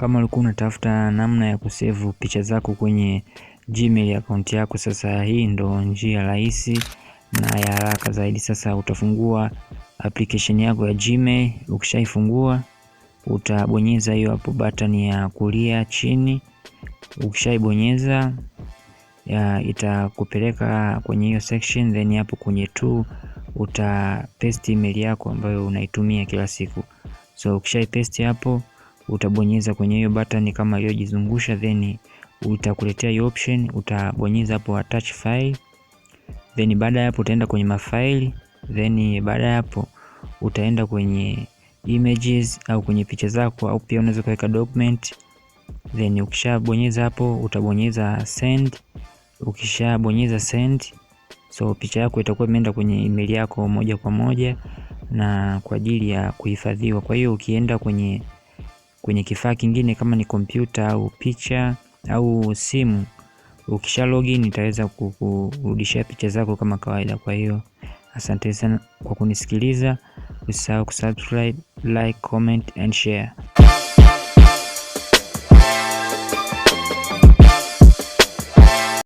Kama ulikuwa unatafuta namna ya kusevu picha zako kwenye Gmail akaunti yako, sasa hii ndo njia rahisi na ya haraka zaidi. Sasa utafungua application yako ya Gmail. Ukishaifungua utabonyeza hiyo hapo button ya kulia chini. Ukishaibonyeza itakupeleka kwenye hiyo section, then hapo kwenye tu utapesti email yako ambayo unaitumia kila siku. So ukishaipaste hapo utabonyeza kwenye hiyo button kama iliyojizungusha, then utakuletea hiyo option, utabonyeza hapo attach file, then baada ya hapo utaenda kwenye mafaili, then baada ya hapo utaenda kwenye images au kwenye picha zako, au pia unaweza kuweka document. Then ukishabonyeza hapo utabonyeza send. Ukishabonyeza send, so picha yako itakuwa imeenda kwenye email yako moja kwa moja na kwa ajili ya kuhifadhiwa. Kwa hiyo ukienda kwenye kwenye kifaa kingine kama ni kompyuta au picha au simu, ukisha login itaweza kurudishia picha zako kama kawaida. Kwa hiyo asante sana kwa kunisikiliza, usisahau kusubscribe, like, comment and share.